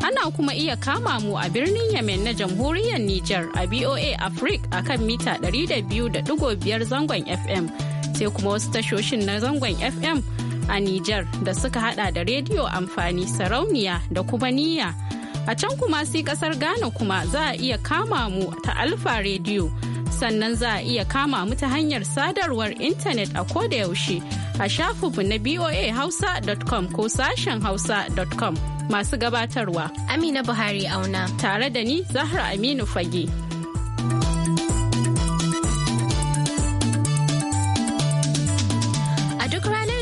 Ana kuma iya kama mu a birnin Yemen na jamhuriyar Nijar a BOA Africa a kan mita 200.5 zangon FM sai kuma wasu tashoshin na zangon FM a Nijar da suka hada da rediyo amfani sarauniya da kuma niyya. A can kuma sai kasar Ghana kuma za a iya kama mu ta Alfa rediyo sannan za a iya kama mu ta hanyar sadarwar intanet a yaushe a shafinmu na boa hausa.com ko sashen hausa.com masu gabatarwa amina buhari auna tare da ni zahra aminu fage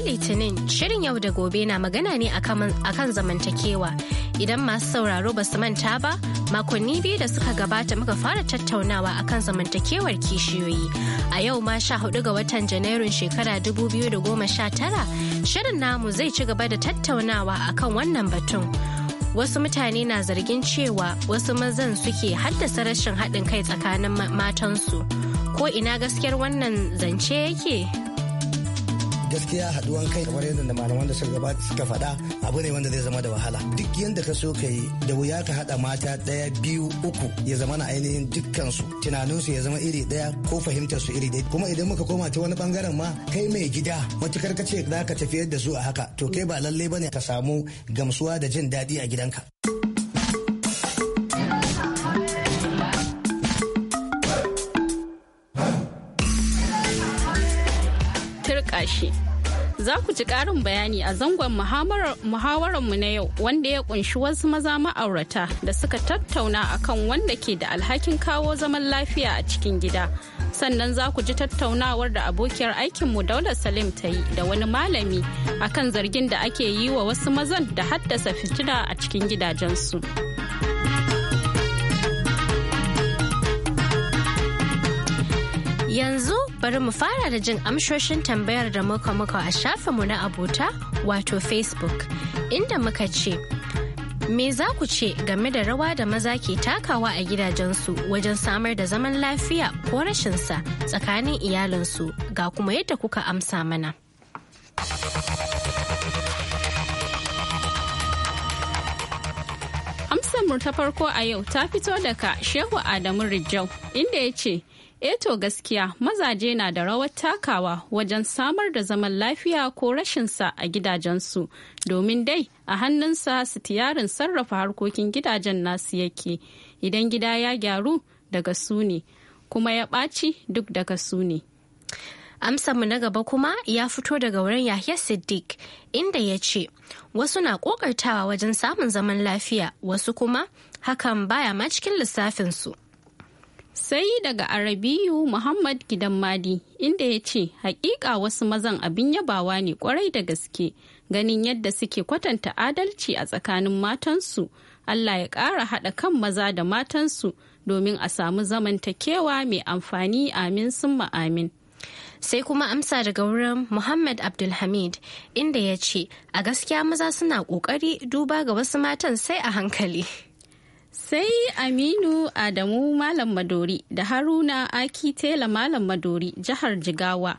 litinin shirin yau da gobe na magana ne akan zamantakewa idan masu sauraro ba su manta ba makonni biyu da suka gabata muka fara tattaunawa akan zamantakewar kishiyoyi a yau ma sha hudu ga watan janairun shekara 2019 shirin namu zai ci gaba da tattaunawa akan wannan batun wasu mutane na zargin cewa wasu mazan suke haddasa rashin haɗin kai tsakanin matansu ko ina gaskiyar wannan zance yake gaskiya haduwan kai kamar yadda da malaman da suka gabata suka faɗa abu ne wanda zai zama da wahala duk yadda ka so ka da wuya ka haɗa mata ɗaya biyu uku ya zama na ainihin dukkansu tunaninsu ya zama iri ɗaya ko fahimtar su iri ɗaya kuma idan muka koma ta wani bangaren ma kai mai gida matukar ka ce za ka tafi da su a haka to kai ba lalle ba ne ka samu gamsuwa da jin daɗi a gidanka. you. za ku ji ƙarin bayani a zangon muhawararmu na yau wanda ya kunshi wasu maza ma'aurata da suka tattauna akan wanda ke da alhakin kawo zaman lafiya a cikin gida sannan za ku ji tattaunawar da abokiyar aikinmu daular salim ta yi da wani malami akan zargin da ake yi wa wasu mazan da haddasa fitina a cikin gidajensu. Yanzu bari mu fara da jin amshoshin tambayar da muka muka a mu na abota wato Facebook inda muka ce Me za ku ce game da rawa da maza ke takawa a gidajensu wajen samar da zaman lafiya ko rashinsa tsakanin iyalinsu ga kuma yadda kuka amsa mana. Amsar mu ta farko a yau ta fito daga Shehu Adamu Rijau inda yace. Eto eh gaskiya mazaje na da rawar takawa wajen samar da zaman lafiya ko rashinsa a gidajensu domin dai a hannunsa sitiyarin sarrafa harkokin gidajen nasu yake idan gida ya gyaru daga su ne kuma ya ɓaci duk daga su ne. mu na gaba kuma ya fito daga wurin Yahya Siddiq inda ya ce wasu na kokartawa wajen samun zaman lafiya wasu kuma hakan baya ma cikin lissafinsu. sai daga arabiyu muhammad gidan madi inda ya ce hakika wasu mazan abin yabawa ne kwarai da gaske ganin yadda suke kwatanta adalci a tsakanin matansu allah ya ƙara haɗa kan maza da matansu domin a samu zamantakewa mai amfani amin sun amin sai kuma amsa daga wurin Muhammad Abdulhamid inda ya ce, A gaskiya maza suna ƙoƙari duba ga wasu matan sai a hankali. Sai Aminu Adamu Malam Madori da Haruna Aki Tela Malam Madori jihar Jigawa.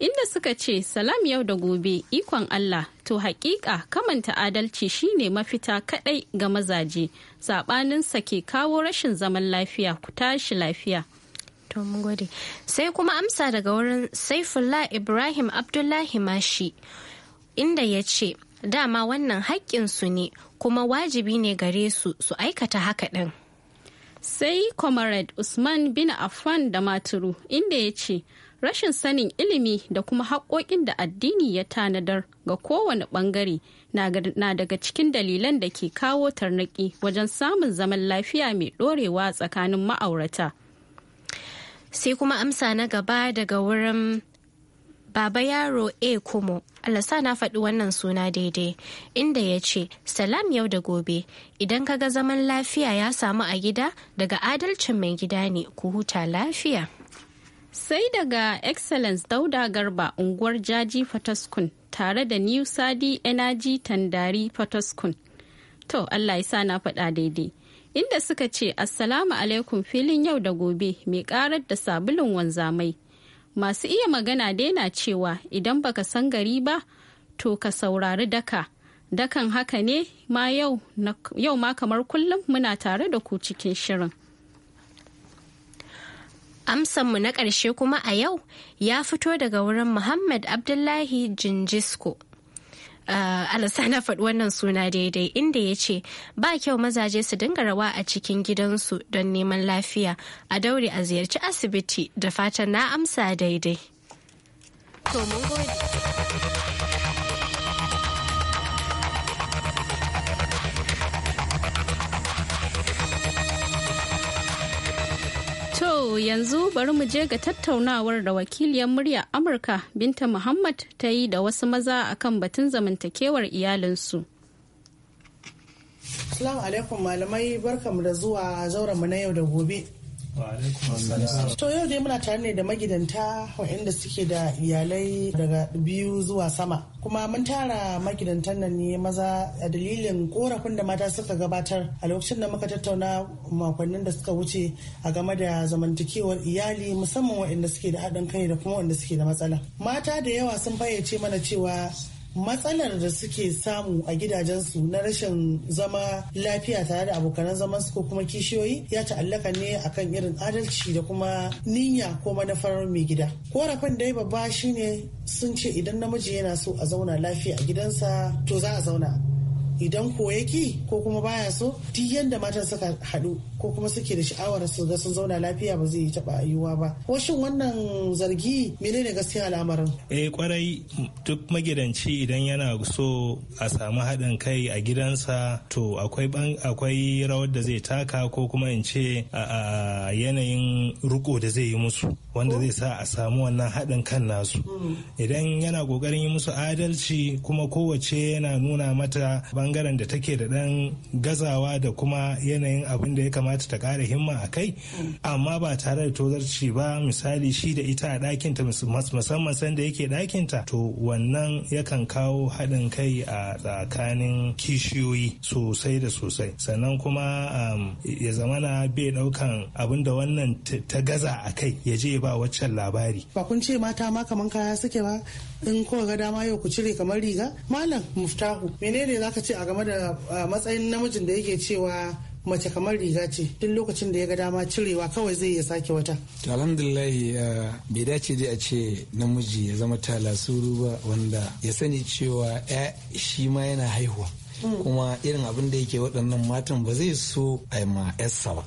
Inda suka ce salam yau da gobe ikon Allah to hakika kamanta adalci shine mafita kadai ga mazaje sa ke kawo rashin zaman lafiya ku tashi lafiya. to mun gode sai kuma amsa daga wurin saifullah ibrahim abdullahi mashi inda ya ce dama wannan haƙƙinsu ne kuma wajibi ne gare su su aikata haka ɗin. Sai Comrade Usman bin Affan da Maturu inda ya ce, rashin sanin ilimi da kuma haƙoƙin da addini ya tanadar ga kowane ɓangare na daga cikin dalilan da ke kawo tarnaƙi wajen samun zaman lafiya mai ɗorewa tsakanin ma'aurata. Sai kuma amsa na gaba daga wurin Baba Yaro A. Eh, Kumo, Allah sa na faɗi wannan suna daidai, inda ya ce, Salam yau da gobe, idan kaga zaman lafiya ya samu a gida daga adalcin mai gida ne ku huta lafiya. Sai daga Excellence Dauda Garba unguwar Jaji Fataskun tare da New Sadi Energy Tandari Fataskun. To, Allah ya sa na faɗa daidai. Inda suka ce, Assalamu alaikum filin yau da gobe, mai ƙarar da sabulun wanzamai. masu iya magana daina cewa idan baka san gari ba to ka saurari daka dakan haka ne ma yau ma kamar kullum muna tare da ku cikin shirin amsanmu na ƙarshe kuma a yau ya fito daga wurin muhammad abdullahi jinjisko Ah, alasa na faɗi wannan suna daidai inda ya ce ba kyau mazaje su dinga rawa a cikin gidansu don neman lafiya a daure a ziyarci asibiti da fatan na amsa daidai. yanzu bari mu je ga tattaunawar da wakiliyar murya Amurka Binta Muhammad ta yi da wasu maza akan batun zamantakewar iyalinsu. Salamu alaikum malamai barkamu da zuwa zauren mu na yau da gobe. To yau dai muna tare ne da magidanta waɗanda suke da iyalai daga biyu zuwa sama. Kuma mun tara magidantan nan ne maza a dalilin korafin da mata suka gabatar a lokacin da muka tattauna makonnin da suka wuce a game da zamantakewar iyali musamman waɗanda suke da haɗin kai da kuma waɗanda suke da matsala. Mata da yawa sun fayyace mana cewa matsalar da suke samu a gidajensu na rashin zama lafiya tare da abokanan zaman su ko kuma kishiyoyi ya ta'allaka ne akan irin adalci da kuma niyya ko manufar mai gida korafin dai babba shine sun ce idan namiji yana so a zauna lafiya a gidansa to za a zauna idan ko yaki ko kuma baya so duk yadda matan suka haɗu ko kuma suke da sha'awar su ga sun zauna lafiya ba zai taɓa yiwuwa ba Ko shin wannan zargi mene ne gaskiya al'amarin eh kwarai duk magidanci idan yana so a samu haɗin kai a gidansa to akwai akwai rawar da zai taka ko kuma in ce a yanayin riko da zai yi musu wanda zai sa a samu wannan haɗin kan nasu mm. idan yana ƙoƙarin yi musu adalci kuma kowace yana nuna mata ban bangaren da take da dan gazawa da kuma yanayin abin da ya kamata ta kara himma a kai amma ba tare da tozarci ba misali shi da ita a ɗakin ta musamman sanda yake ɗakin ta to wannan yakan kawo haɗin kai a tsakanin kishiyoyi sosai da sosai sannan kuma ya zamana bai ɗaukan abin da wannan ta gaza a kai ya je ba waccan labari ba kun ce mata ma kaman kaya suke ba in kuka ga dama yau ku cire kamar riga malam muftahu menene zaka ce a game da matsayin namijin da yake cewa mace kamar riga ce duk lokacin da ya ga dama cirewa kawai zai iya sake wata. alhamdulillahi bai dace dai a ce namiji ya zama talasuru ba wanda ya sani cewa shi ma yana haihuwa hmm. kuma irin abin da yake waɗannan matan ba zai so a ma 'yarsa ba.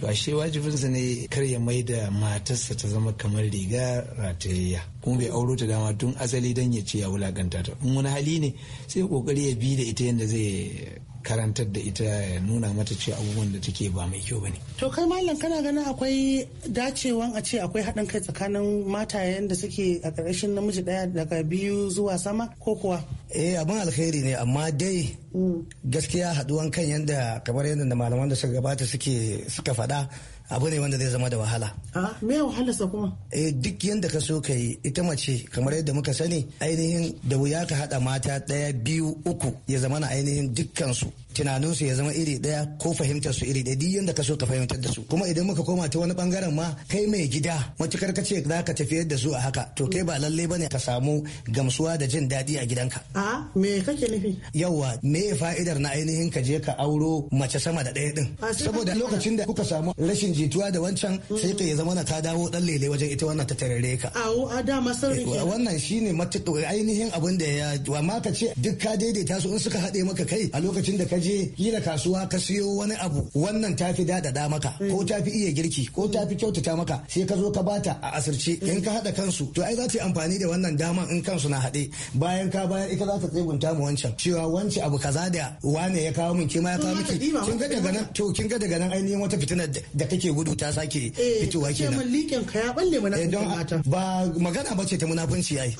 to ashe wajibinsa ne kar ya mai da matarsa ta zama kamar riga ratayayya kuma bai auro ta dama tun asali don ya ce ya wulakanta ta in wani hali ne sai kokari ya bi da ita yadda zai karantar da ita ya nuna mata ce abubuwan da take ba mai kyau ba ne. To kai malam kana ganin akwai dacewan a ce akwai haɗin kai tsakanin matayen da suke a ƙarƙashin namiji ɗaya daga biyu zuwa sama ko kuwa? Eh abin alkhairi ne amma dai mm. gaskiya haɗuwan kan yadda kamar yadda malaman da suka gabata suke suka faɗa abu ne wanda zai zama da wahala. A ah, me wahala sa kuma? Eh duk yadda ka so ka yi ita mace kamar yadda muka sani ainihin da wuya ka haɗa mata ɗaya biyu uku ya zama na ainihin dukkansu tunaninsu ya zama iri daya ko fahimtar su iri ɗaya duk yadda ka so ka fahimtar da su kuma idan muka koma ta wani bangaren ma kai mai gida matukar ka ce za ka tafiyar da su a haka to kai ba lallai bane ka samu gamsuwa da jin daɗi a gidanka. a me kake nufi. yawa me fa'idar na ainihin ka je ka auro mace sama da ɗaya din saboda lokacin da kuka samu rashin jituwa da wancan sai ka ya zama na ta dawo ɗan lele wajen ita wannan ta tarare ka. awo a da masarin eh, wannan shine matuƙa ainihin abin da ya wa ma ka ce duk ka daidaita su in suka haɗe maka kai a lokacin da ka je yi na kasuwa ka siyo wani abu wannan ta tafi dadada maka ko ta fi iya girki ko ta fi kyautata maka sai ka zo ka bata a asirce in ka hada kansu to ai za ta yi amfani da wannan dama in kansu na haɗe bayan ka bayan ita za ta tsegunta mu wancan cewa wancan abu kaza da wane ya kawo min ke ma ya kawo miki kin ga daga nan to kin ga daga nan ainihin wata fitina da kake gudu ta sake eh, fitowa kenan liƙin ka ya balle eh, ba magana bace ta munafunci ai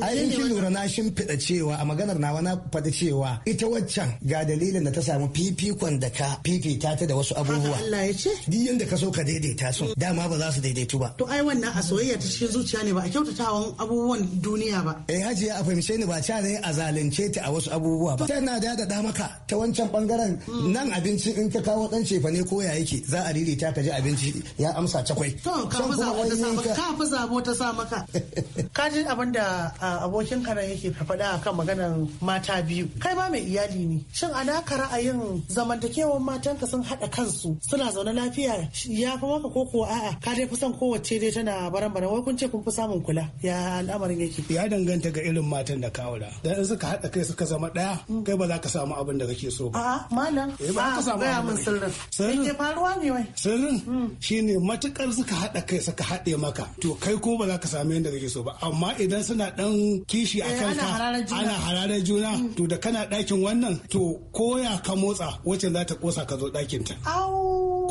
ai kin lura na shimfiɗa cewa a maganar nawa na fada cewa ita waccan ga dalilin dalilin da ta samu fifikon da ka fifita ta da wasu abubuwa Allah ya ce duk yanda ka so ka daidaita su mm. dama ba za su daidaitu ba to ai wannan a soyayya ta cikin zuciya ne ba a kyautatawan abubuwan duniya ba eh hajiya a fahimce ni ba ta ne a zalunce ta a wasu abubuwa ba tana da da maka ta wancan bangaren mm. nan abinci in ka kawo dan cefa ne ko ya yake za a ririta ka ji abinci ya amsa cakwai to ka fi zabo ta sa maka ka fi zabo ta sa maka ka ji abin da abokin ka yake faɗa akan maganar mata biyu kai ba mai iyali ne shin ana naka ra'ayin zamantakewar matanka sun haɗa kansu suna zaune lafiya ya fi maka ko ko a'a ka dai fi son kowace dai tana baran baran wai kun ce kun fi samun kula ya al'amarin yake. Ya danganta ga irin matan da ka aura. Dan in suka haɗa kai suka zama ɗaya kai ba za ka samu abin da kake so ba. A'a malam. Eh ba ka samu abin mun sirrin. Sirrin. Ke faruwa ne wai. Sirrin hmm. shine matukar suka haɗa kai suka haɗe maka to kai ko ba za ka samu yanda kake so ba amma idan suna dan kishi a eh, kanka ana hararar juna to da kana ɗakin wannan to ko koya ka motsa wacce za ta kosa ka zo ɗakin ta.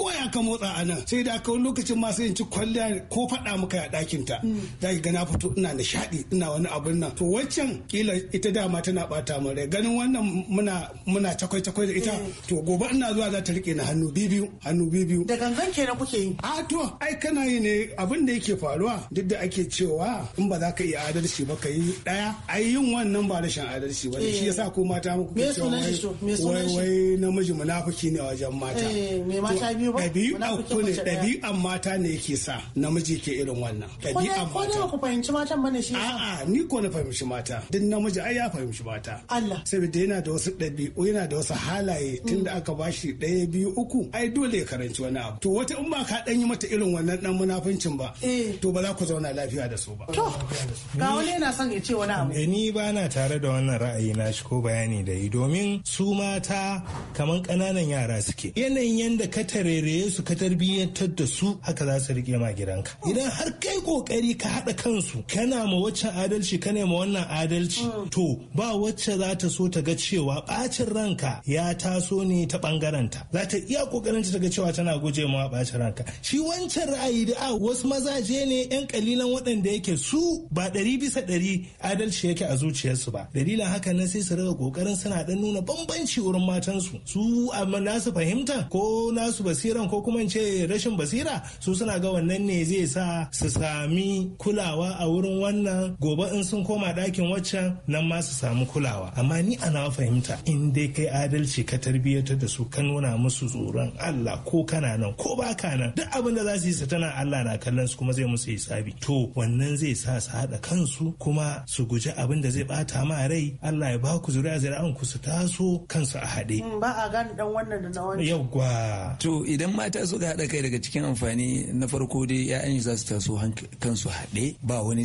Koya ka motsa a nan sai da aka lokacin ma sai in ci kwalliya ko faɗa muka a ɗakin ta. Mm. Za ki gana fito ina nishaɗi ina wani abin nan. To waccan kila ita dama tana bata mun rai ganin wannan muna muna takwai takwai da ita. Mm. To gobe ina zuwa za ta riƙe na hannu bibiyu hannu bibiyu. Da gangan kenan kuke yi. A to ai kana yi ne abin da yake faruwa duk da ake cewa in ba za ka iya adalci ba ka yi ɗaya ai yin wannan ba rashin adalci ba. Eh. Shi yasa ko mata muku. Me wai wai namiji munafiki ne a wajen mata eh, me biyu ba ku ne ɗabi'an mata ne yake sa namiji ke irin wannan ɗabi'an mata ko ku fahimci matan bane shi a'a ni ko na fahimci mata duk namiji ai ya fahimci mata Allah saboda yana da wasu ɗabi'u yana da wasu halaye mm. tunda aka bashi ɗaya biyu uku ai dole ya karanci wani abu to wata in ba ka ɗan yi mata irin wannan ɗan munafincin ba eh. to ba za ku zauna lafiya da su ba to ga wani yana son ya ce wani abu eh, ni ba na tare da wannan ra'ayi na shi ko bayani da yi domin su ma mata kamar ƙananan yara suke yanayin yadda ka tareraye su ka tarbiyyantar da su haka za su rike ma gidanka idan har kai kokari ka haɗa kansu kana ma waccan adalci ka ma wannan adalci mm. to ba wacce za ta so ta ga cewa bacin ranka ya taso ne ta bangaranta za ta iya kokarinta ta ga cewa tana guje ma bacin ranka shi wancan ra'ayi da a ah, wasu mazaje ne yan kalilan waɗanda yake su ba ɗari bisa ɗari adalci yake a zuciyarsu ba dalilin haka nan sai su riga kokarin suna dan nuna bambanci wurin matansu su amma nasu fahimta ko nasu basiran ko kuma ce rashin basira su suna ga wannan ne zai sa su sami kulawa a wurin wannan gobe in sun koma dakin waccan nan ma su samu kulawa amma ni ana fahimta in dai kai adalci ka tarbiyyatar da su ka nuna musu tsoron Allah ko kana nan ko ba ka nan duk abin da za su yi su tana Allah na kallon su kuma zai musu hisabi to wannan zai sa su haɗa kansu kuma su guji abin da zai bata ma rai Allah ya ba ku zuriya zuri'an ku su taso kansu su a haɗe. Mm, ba a gane dan wannan da na Yau Yawwa. To idan mata suka haɗa kai daga cikin amfani na farko dai ‘ya'yan za su taso kansu haɗe ba wani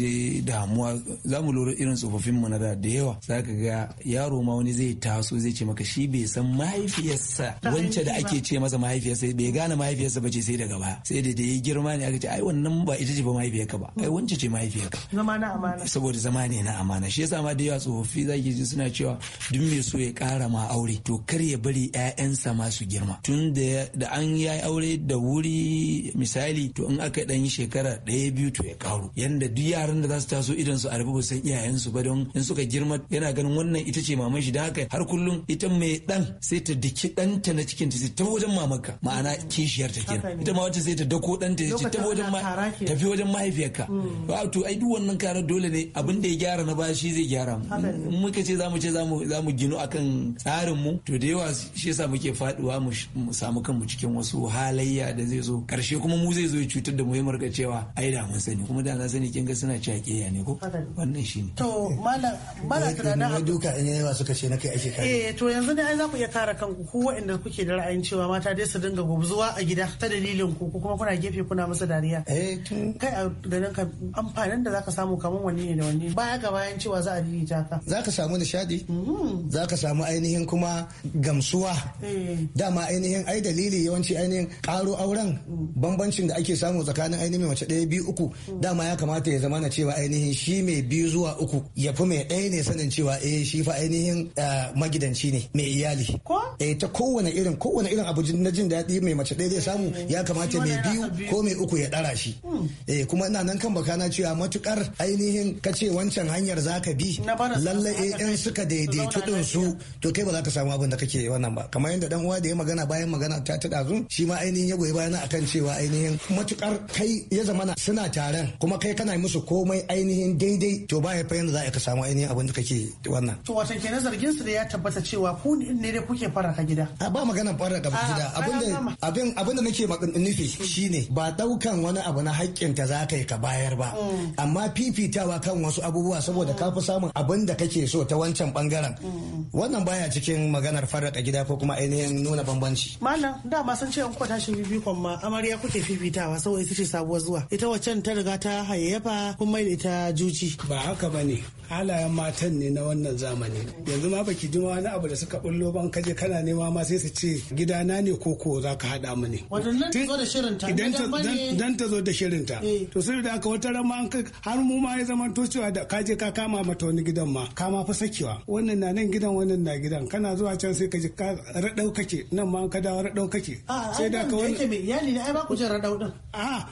damuwa za mu lura irin tsofaffin mu na da da yawa za ka ga yaro ma wani zai taso zai ce maka shi bai san mahaifiyarsa wance da ake ce masa mahaifiyarsa bai gane mahaifiyarsa ba ce sai daga ba sai da yi girma ne aka ce ai wannan ba ita ce ba mahaifiyarka ba ai wance ce mahaifiyarka. Zama na amana. Saboda zama ne na amana shi yasa ma da yawa tsofaffi za ki ji suna cewa duk mai so ya kara ma aure to kar ya bari 'ya'yansa masu girma tun da an ya aure da wuri misali to in aka dan yi shekara ɗaya biyu to ya karu yanda duk yaran da za su taso idan su arabi ba san iyayensu ba don in suka girma yana ganin wannan ita ce maman shi da haka har kullum ita mai dan sai ta diki ɗanta na cikin ta ta wajen mamanka ma'ana kishiyar ta kenan ita ma wata sai ta dako ɗanta ta ta wajen tafi wajen mahaifiyarka hmm. to ai duk wannan karar dole ne abin da ya gyara na ba shi zai gyara mu muka ce zamu ce zamu zamu gino akan tsarin mu mu to da yawa shi yasa muke faduwa mu samu kanmu cikin wasu halayya da zai zo karshe kuma mu zai zo ya cutar da mu ya marga cewa ai da mun sani kuma da na sani kin ga suna ya ne ko wannan shi ne. to malam malam tunanin ha duka in yawa suka ce na kai ake kare eh to yanzu ne ai za ku iya kare kanku ku waɗanda kuke da ra'ayin cewa mata dai su dinga gubzuwa a gida ta dalilin ku kuma kuna gefe kuna masa dariya eh kai a ganin ka amfanin da zaka samu kaman wani ne da wani baya ga bayan cewa za a daidaita ka zaka samu nishadi mm-hmm. zaka samu ainihin kuma gamsuwa eh. dama ainihin ai dalili yawanci ainihin karo auren bambancin da ake samu tsakanin ainihin mace ɗaya biyu uku dama ya kamata ya zama na cewa ainihin shi mai biyu zuwa uku ya fi mai ɗaya ne sanin cewa eh shi fa ainihin eh, magidanci ne mai iyali eh ta kowane irin kowane irin abu na jin daɗi mai mace ɗaya zai samu eh, ya kamata mai biyu ko mai uku ya ɗara shi hmm. eh kuma ina nan kan bakana cewa matukar ainihin kace wancan hanyar zaka bi lallai in suka daidaitu din su to kai ba za ka samu samu abin da kake wannan ba kamar yadda dan uwa da ya magana bayan magana ta ta dazu shi ma ainihin ya goyi bayan akan cewa ainihin matukar kai ya zamana suna taron kuma kai kana musu komai ainihin daidai to ba ya fa yanda za ka samu ainihin abin da kake wannan to wato kenan zargin su da ya tabbata cewa ku ne ne kuke ka gida a ba magana ka gida abinda abin abinda nake nufi shine ba daukan wani abu na haƙƙin ta za ka yi ka bayar ba mm. amma fifitawa kan wasu abubuwa saboda ka fi samun abin da kake so ta wancan bangaren mm. wannan baya cikin maganar farraka gida ko kuma ainihin nuna bambanci. da ma san ce an kuka tashi bibikon ma amarya kuke fifitawa saboda ita ce sabuwar zuwa ita waccan ta riga ta hayayyafa kun mai da ita juji. Ba haka bane halayen matan ne na wannan zamani yanzu ma baki ji wani abu da suka bullo ban kaje kana nema ma sai su ce gidana ne ko ko za ka haɗa mu ne. Wadannan ta zo da shirinta. Idan ta zo da shirinta. To sai da aka wata rama an har mu ma ya zama to cewa da kaje ka kama mata wani gidan ma kama fa sakewa wannan na nan gidan wannan na gidan kana zuwa zuwa can sai ka ji ka raɗau kake nan ma ka dawo raɗau kake sai da ka wani yake mai iyali ne ai ba ku jin raɗau din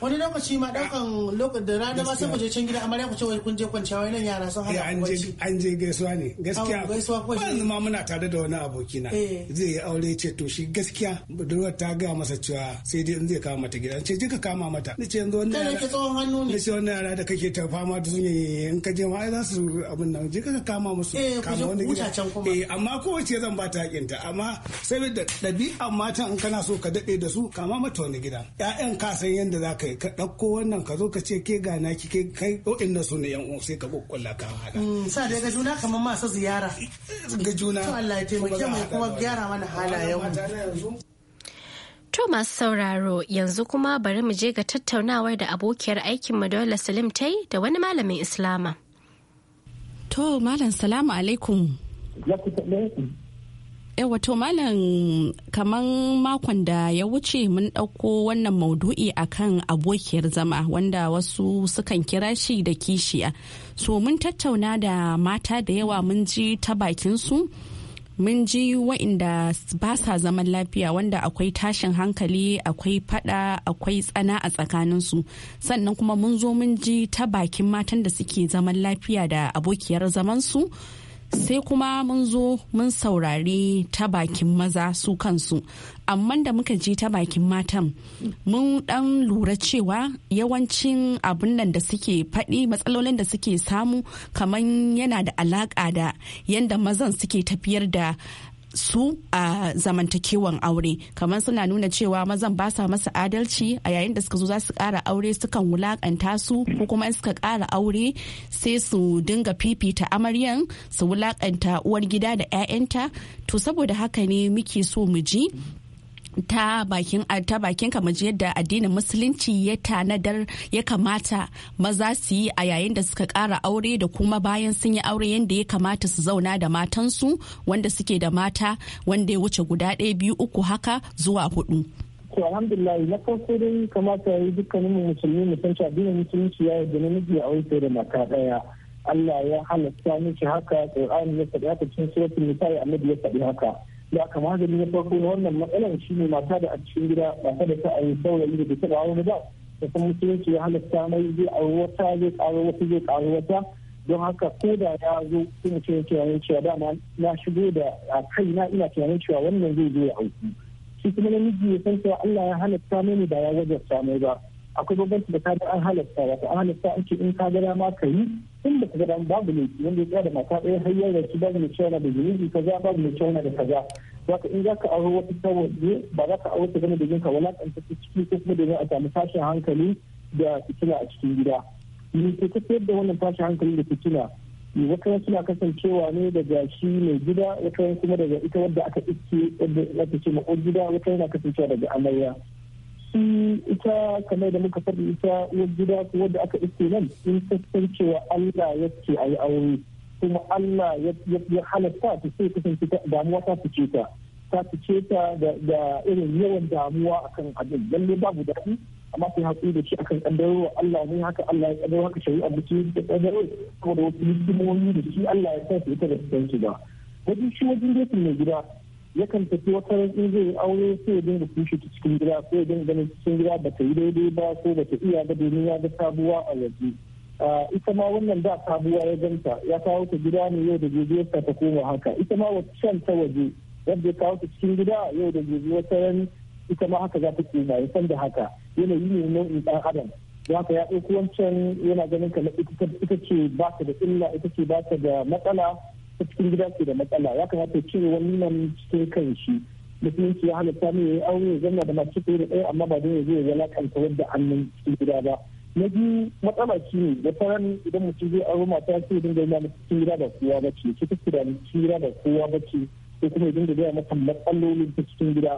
wani lokaci ma daukan lokacin da rana ma sai ku je can gida amarya ku ce wai kun je kwanciya wai nan yara sun hada eh, an je an je gaisuwa ne gaskiya ban ma muna tare da wani aboki na eh. zai yi aure ce to shi gaskiya budurwar ta ga masa cewa sai dai in zai kama mata gida ce je ka kama mata ni ce yanzu wannan yara tsohon hannu ne ce wannan yara da kake ta fama da sun in ka je ma ai za su abin nan je ka kama musu eh, kama wani gida eh amma kowace zan ba ta hakinta amma saboda ɗabi'an matan in kana so ka daɗe da su kama mata wani gida ƴaƴan ka san yadda za ka yi ka ɗauko wannan ka zo ka ce ke ga na ki ke kai in na so ne yan uwa sai ka kokkolla ka haɗa. Mm, sa da ga juna kamar masu ziyara. ga juna. to Allah ya taimake mu kuma gyara mana halayen mu. To masu sauraro yanzu kuma bari mu je ga tattaunawar da abokiyar aikinmu Dole Salim ta yi da wani malamin Islama. To Malam Salamu alaikum. yawa to malam kaman makon da ya wuce mun ɗauko wannan maudu'i akan abokiyar zama wanda wasu sukan kira shi da kishiya so mun tattauna da mata da yawa mun ji ta bakinsu mun ji wa'inda ba sa zaman lafiya wanda akwai tashin hankali akwai fada akwai tsana a tsakaninsu sannan kuma mun zo mun ji ta bakin matan da suke zaman lafiya da abokiyar zamansu su sai kuma mun zo mun saurari ta bakin maza su kansu amma da muka ji ta bakin matan mun dan lura cewa yawancin abin nan da suke faɗi matsalolin da suke samu kaman yana da alaƙa da yadda mazan suke tafiyar da su a zamantakewan aure kamar suna nuna cewa mazan ba sa masa adalci a yayin da suka zo za su kara aure sukan wulakanta su ko kuma in suka kara aure sai su dinga fifita amaryan su wulakanta uwar gida da 'ya'yanta to saboda haka ne muke so mu ji ta bakin ta bakin kamar yadda addinin musulunci ya tanadar ya kamata maza su yi a yayin da suka kara aure da kuma bayan sun yi aure yadda ya kamata su zauna da matansu wanda suke da mata wanda ya wuce guda ɗaya biyu uku haka zuwa hudu. to alhamdulillah na farko dai kamata ya yi dukkanin musulmi mutunci addinin musulunci ya yarda namiji a aure da mata ɗaya Allah ya halatta miki haka Qur'ani ya faɗi haka cikin suratul nisa annabi ya faɗi haka da aka magani na farko na wannan matsalar shi ne mata da a cikin gida mata da ta ayi saurayi da ta dawo ba da kuma musulunci ya halatta mai zai a wata zai karo wata zai karo wata don haka ko da ya zo ko mutum ya tunanin cewa dama na shigo da a kai na ina tunanin cewa wannan zai zo ya auku shi kuma miji ya san cewa Allah ya halatta mani da ya wajarta mai ba akwai bambanci da ga an halatta ba an halatta ake in ka ga dama ka yi in da ka ga babu ne wanda ya tsaya da mata ɗaya har da su babu ne cewa da zunubi kaza babu ne cewa da kaza ka in za ka aure wata waje ba za ka aure ta gani da jinka kan ta ciki ko kuma za a samu tashin hankali da fitina a cikin gida ni ke tafiyar da wannan tashin hankali da fitina wata suna kasancewa ne daga shi mai gida wata kuma daga ita wadda aka iske wadda za ta ce ma'o gida wata yana kasancewa daga amarya shi ita kamar da muka faɗi ita uwar gida ko wadda aka iske nan in sassan cewa Allah ya ce a yi aure kuma Allah ya halatta ta sai kasance damuwa ta fice ta ta fice ta da irin yawan damuwa akan abin lalle babu daɗi amma sai haƙuri da shi akan wa Allah ne haka Allah ya kaddaro haka shari'a da shi da saboda wasu hikimomi da shi Allah ya sa su ita da su ba wajen shi wajen gefen mai gida yakan tafi wata in zai aure sai ya dinga kushe ta cikin gida ko ya dinga ganin cikin gida ba ta yi daidai ba ko ba ta iya da domin ya ga sabuwa a waje ita ma wannan da sabuwa ya ganta ya kawo ta gida ne yau da gobe ta koma haka ita ma wata ta waje yadda ya kawo ta cikin gida yau da gobe wata ran ita ma haka za ta koma ya da haka yanayi ne nau'in ɗan adam don haka ya ɗauko wancan yana ganin kamar ita ce ba ta da illa ita ce ba ta da matsala cikin gida ke da matsala ya kamata ce wannan cikin kan shi musulunci ya hana sami ya aure ya zama da masu ko da ɗaya amma ba dole zai kanta wadda hannun cikin gida ba na biyu matsala shi ne da faran idan mutum zai aure mata ce dinga yi a cikin gida ba kowa ba ce cikin gida cikin gida ba kowa ba ce ko kuma dinga gaya mata matsalolin ta cikin gida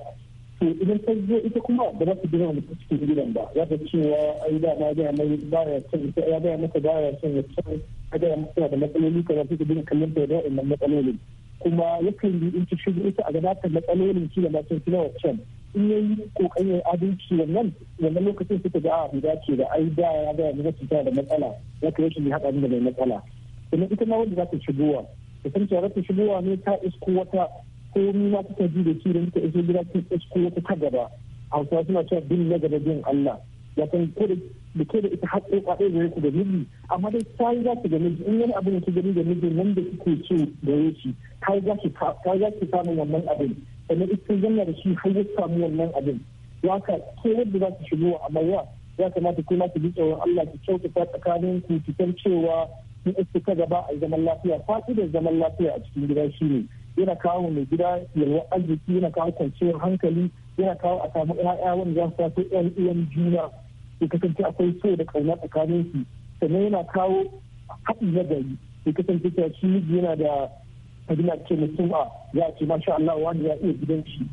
to idan ta zo ita kuma ba za ta gina mata cikin gidan ba ya ta cewa ai da ma gaya mai ba ya son ya gaya mata ya son a ga suna da matsaloli kamar suka dinga kallon ta da wa'annan matsalolin kuma yakan yi in ci shigo ita a gabatar matsalolin ci da masu suna wacan in ya yi kokarin adalci wannan wannan lokacin suka ga a guda ce da ai da ya ga yanzu wasu da matsala ya kai shi haɗa da mai matsala sannan ita ma wanda za ta shigowa da san cewa ta shigowa ne ta isko wata komi ma ta ji da ci da ta iso gida ta isko wata ta gaba hausawa suna cewa bin na gaba bin Allah wato ko da ke da ita haƙƙo ɗaya da ku da miji amma dai ta yi za ki da miji in wani abin da ki gani da miji nan da kuke ce da ya ci ta yi za ki samun wannan abin sannan ita zanna da shi har ya samu wannan abin ya ka ke yadda za ki shigo a amarya ya kamata kuma ki ji tsoron Allah ki kyautata tsakanin ku ki san cewa in iska ka gaba a zaman lafiya da zaman lafiya a cikin gida shi ne yana kawo mai gida yalwar arziki yana kawo kwanciyar hankali yana kawo a samu ƴaƴa wanda za su 'yan uwan juna ya kasance akwai so da kauna tsakanin su sannan yana kawo haɗi na gari ya kasance cewa shi miji yana da kabila ce a za ce masha Allah wani ya iya gidan shi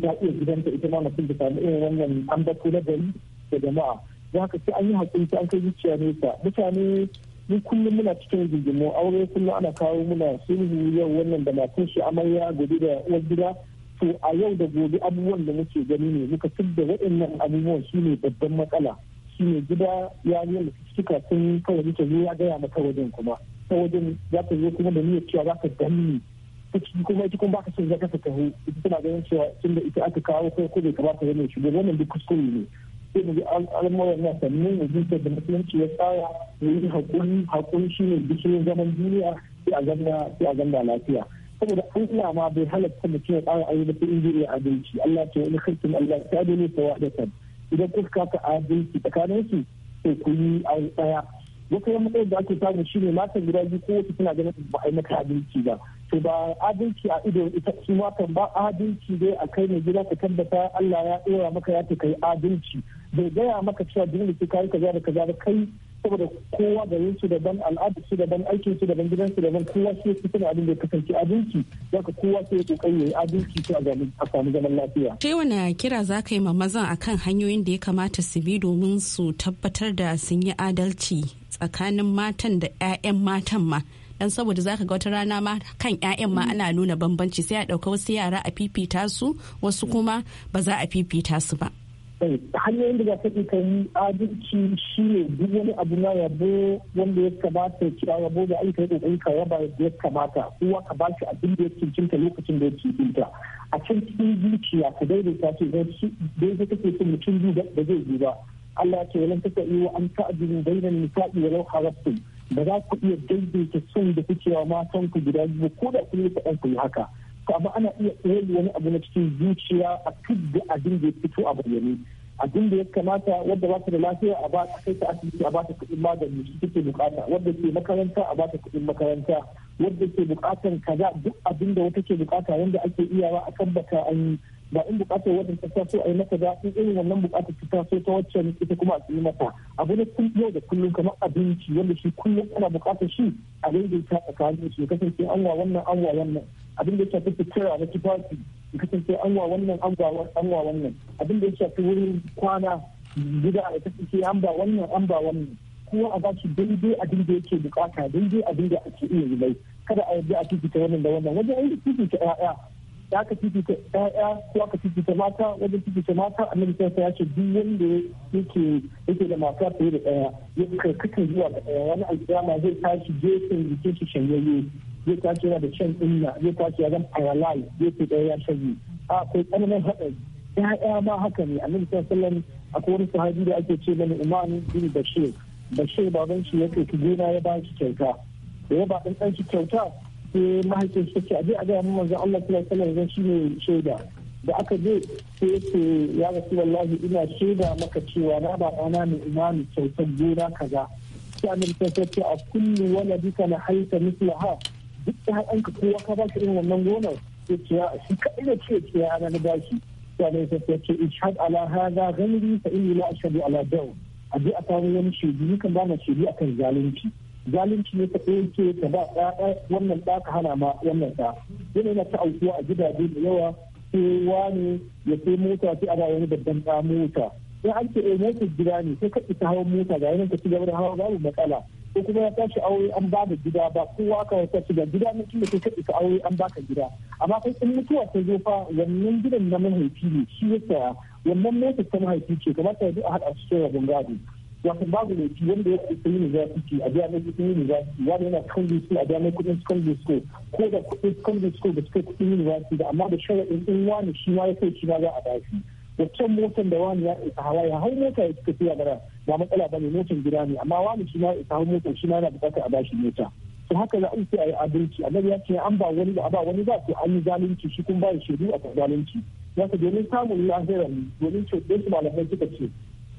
ta iya gidanta ita ma mutum da samu irin wannan ambato na gari da jama'a za ka ce an yi haƙuri ta an kai zuciya nesa mutane ni kullum muna cikin rigimu aure kullum ana kawo muna sulhu yau wannan da masu shi amarya gobe da uwar gida to a yau da gobe abubuwan da muke gani ne muka da waɗannan abubuwan su ne babban matsala shi ne gida ya da suka sun kawai ta zo ya gaya maka wajen kuma ta wajen za ta zo kuma da niyyar cewa za ka gani ta ciki kuma ita kuma baka son za ka taho ita tana ganin cewa tun da ita aka kawo ko ko bai kamata ya mai shigo wannan duk kuskure ne sai mu ji al'amuran na sannan mu ji da musulunci ya tsaya mu yi hakuri hakuri shi ne bishiyoyin zaman duniya sai a ganga sai a zanna lafiya saboda Allah ma bai halatta mutum ya ƙara aure ba in a abinci Allah ta wani kirkin Allah ta adalci ta wadatar idan kuka a adalci tsakanin su sai ku yi a ɗaya wata yan da ake samu shi ne matan gida biyu ko wata suna ganin ba a yi maka adalci ba to ba adalci a ido ita su matan ba adalci dai a kai ne gida ka tabbata Allah ya ɗora maka ya ta kai abinci bai gaya maka cewa dole sai ka yi kaza da kaza ba kai saboda kowa da yin su ban al'adu su da ban aikin su da ban gidan su da ban kowa su yake suna abin da kasance abinci ka kowa su yake kokari yayi abinci su a samu zaman lafiya sai wani kira za ka yi ma mazan akan hanyoyin da ya kamata su bi domin su tabbatar da sun yi adalci tsakanin matan da 'ya'yan matan ma dan saboda zaka ga wata rana ma kan 'ya'yan ma ana nuna bambanci sai a ɗauka wasu yara a fifita su wasu kuma ba za a fifita su ba hanyoyin da za ta ka yi adalci shi ne duk wani abu na yabo wanda ya kamata ya cewa yabo da aika kokari ka yaba ya kamata kowa ka ba shi abin da ya cincinta lokacin da ya cincinta a can cikin zuciya ka daidaita ce dai ta take son mutum biyu da zai yi ba Allah ce walan taka wa an ta'adilu bainan nisa'i walau haraftum ba za ku iya daidaita son da kuke wa matan guda biyu ko da kun yi ɗan ku yi haka amma ana iya ɓoye wani abu na cikin zuciya a da abin da ya fito a bayyane abin da ya kamata wadda ba ta da lafiya a ba kai ta asibiti a ba ta kuɗin magani shi take bukata wadda ke makaranta a ba ta kuɗin makaranta wadda ke bukatan kaza duk abin da wata ke bukata wanda ake iyawa a tabbata an yi da in bukatar wadda ta taso a yi masa da in irin wannan bukatar ta taso ta wacce ita kuma a yi masa abu ne kun yau da kullum kamar abinci wanda shi kullum ana bukatar shi a daidaita kawo su kasance an wa wannan an wa wannan abin da ya shafi fitira na tufafi ya kasance an wa wannan an wa wannan abin da ya shafi wurin kwana gida ya kasance an ba wannan an ba wannan kowa a ba shi daidai abin da yake bukata daidai abin da ake iya yi kada a yadda a fifita wannan da wannan wajen aiki fifita 'ya'ya ya ka fifita ƴaƴa ko aka fifita mata wajen fifita mata nan sai ya ce duk wanda yake yake da mata fiye da ɗaya ya kakan zuwa ga ɗaya wani alƙiyama zai tashi gefen jikin shi shanyayye zai tashi yana da shan inna zai tashi ya zan paralyze gefe ɗaya ya shanye a akwai tsananin haɗari yaya ma haka ne sai sallan akwai wani sahabi da ake ce mana imam bin bashir bashir baban shi ya ki gona ya ba shi kyauta da ba ɗan ɗan shi kyauta sai mahaifin shi ce aje a ga mun Allah sallallahu alaihi wasallam shi ne shaida da aka je sai ce ya rasu wallahi ina shaida maka cewa na ba ɗana mai imami kyautar gona kaza sai annabi sai ce a kullu duka na haita mislaha duk da har ka kowa ka ba shi irin wannan gonar sai ce ya shi kaɗai da ce ce ya na ba shi sai annabi sai ce ishad ala hadha ghamri fa inni la ashhadu ala a aje a samu wani shaidu kan ba na shaidu akan zalunci zalunci ne ta ɗauke ta ba wannan ɗa ka hana ma wannan ɗa yana yana ta aukuwa a gidaje da yawa sai wani ya sai mota sai a ba wani babban ɗa mota in an ce eh, mota gida ne sai ka isa hawan mota ga yanin ka ci gaba da hawa babu matsala ko kuma ya tashi aure an ba da gida ba kowa ka ya tashi da gida ne tunda sai ka isa aure an ba ka gida amma kai in mutuwa ta zo fa wannan gidan na mahaifi ne shi ya saya wannan mota ta mahaifi ce kamar ta yi a haɗa su sai ya wato babu laifi wanda ya kuɗi university a biya mai cikin university wani yana kan school a biya mai kuɗin secondary school ko da kuɗin secondary school da suka kuɗin university da amma da sharaɗin in wani shi ma ya kai shi ma za a bashi waccen motan da wani ya isa hawa ya hau mota ya cika siya gara ba matsala ba ne motan gida ne amma wani shi ma ya isa hau motar shi ma yana buƙatar a bashi mota to haka za a yi a yi adalci annabi ya ce an ba wani da a ba wani za to an yi zalunci shi kun ba shaidu a kan zalunci. Yasa domin samun lahirar domin cutar su malamai suka ce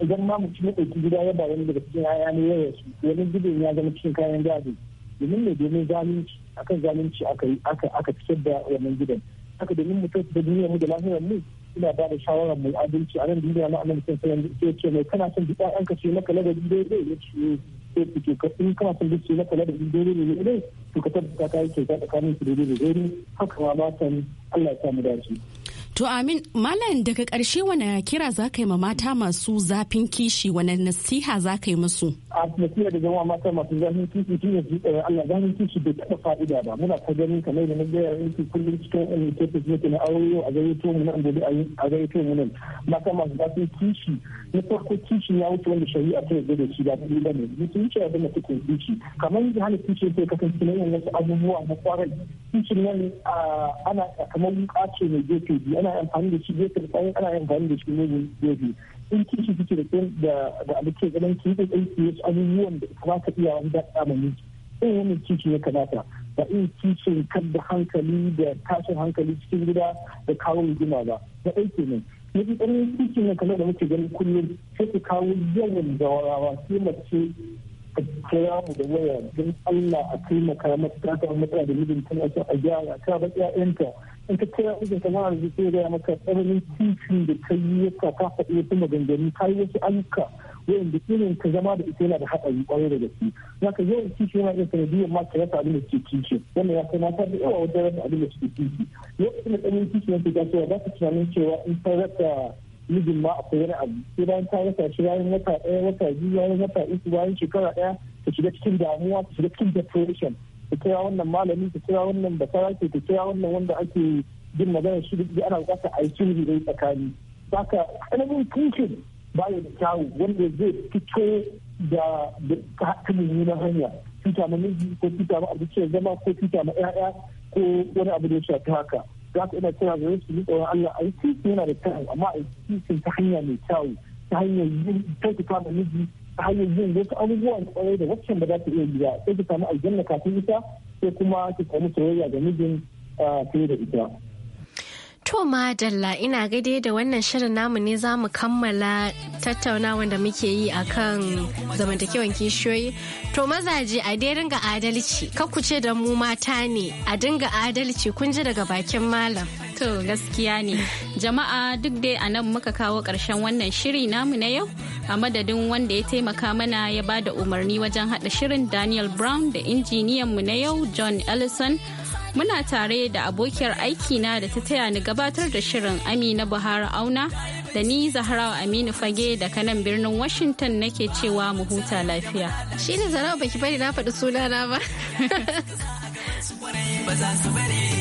idan ma mutum ya ɗauki gida ya bayan wani daga cikin ya ne ya rasu wani gidan ya zama cikin kayan gado domin ne domin zalunci akan zalunci aka yi aka fitar da wannan gidan haka domin mutum da duniya mu da lafiyar mu ina ba da shawarar mu adalci a nan duniya na annabi sai ita ce mai kana son duk ɗan ka ce maka ladabi daidai ya ce eh. sai fito ka in kana son duk ce maka ladabi daidai ne daidai to ka tabbata ka yi kyauta tsakanin su daidai da daidai haka ma matan Allah ya samu dace. To Amin, Malam daga karshe wani kira za ka yi ma mata masu zafin kishi wani nasiha za ka yi musu? A nasiha da zama mata masu zafin kishi shi ne Allah zafin kishi bai taɓa fa'ida ba. Muna ta ganin kamar da na gaya yanki kullum cikin ɗan littafi ne na aure a to mu nan gobe a to mu nan. Mata masu zafin kishi na farko kishi ya wuce wanda shari'a ta yarda da shi ba ta ba ne. Mutum ya zama cikin kishi. Kamar yadda hana kishi ke kasance na yin wasu abubuwa na kwarai. Kishin nan ana kamar wuƙa ce mai gefe biyu yana amfani da shi zai karɓa ana amfani da shi ne in shi kike da da da abin ke ganin ki da aiki su abubuwan da kuma ka iya wani da tsamani in wani kishi ya kamata ba in kishin kan da hankali da tashin hankali cikin gida da kawo rigima ba da aiki ne na bi ɗan na kamar da muke ganin kullum sai ku kawo yawan zawarawa sai mace ka kira mu da waya don Allah a kai makaramar ta matsala da mijinta a gyara ta ba 'ya'yanta in ka kira ta ka na gaya ya maka tsananin titi da ta yi yasa ta faɗi wasu maganganu ta yi wasu ayyuka ke irin ka zama da ita yana da haɗari ƙwarai da gaske za ka yawan kishi yana iya sanadiyar ma ta rasa abin da suke kishi wannan ya kai mata da yawa wajen rasa abin da suke kishi lokacin da tsananin ya yanke cewa za ta tunanin cewa in ta rasa mijin ma akwai wani abu sai bayan ta rasa shi bayan wata ɗaya wata biyu bayan wata uku bayan shekara ɗaya ta shiga cikin damuwa ta shiga cikin depression ta kira wannan malami ta kira wannan basarake ta kira wannan wanda ake jin magana shi duk ana bukata a yi sulhu da tsakani saka ƙaramin tushen baya da kyawu wanda zai fito da hakimin na hanya fita na miji ko fita ma abincin zama ko fita ma 'ya'ya ko wani abu da ya shafi haka za ka ina kira da su yi tsoron Allah a yi yana da kyawu amma a yi ta hanya mai kyawu ta hanyar yin kyautata ma miji ta hanyar yin wasu abubuwan kwarai da waccan ba za ta iya biya sai ta samu aljanna kafin ita sai kuma ta samu soyayya ga mijin fiye da ita. To Madalla ina gaide da wannan shirin namu ne za mu kammala tattaunawa da muke yi akan zamantakewan kishiyoyi. To mazaje a dai ringa adalci, kakuce da mu mata ne a dinga adalci kun ji daga bakin malam. to gaskiya ne jama'a duk dai a nan muka kawo ƙarshen wannan shiri namu na yau a madadin wanda ya taimaka mana ya ba da umarni wajen haɗa shirin daniel brown da injiniyan mu na yau john ellison muna tare da abokiyar aiki na da ta taya ni gabatar da shirin amina buhari auna da ni zahrawa aminu fage da kanan birnin washington nake cewa mu huta lafiya shi ne zarawa baki bari na faɗi sunana ba ba su bari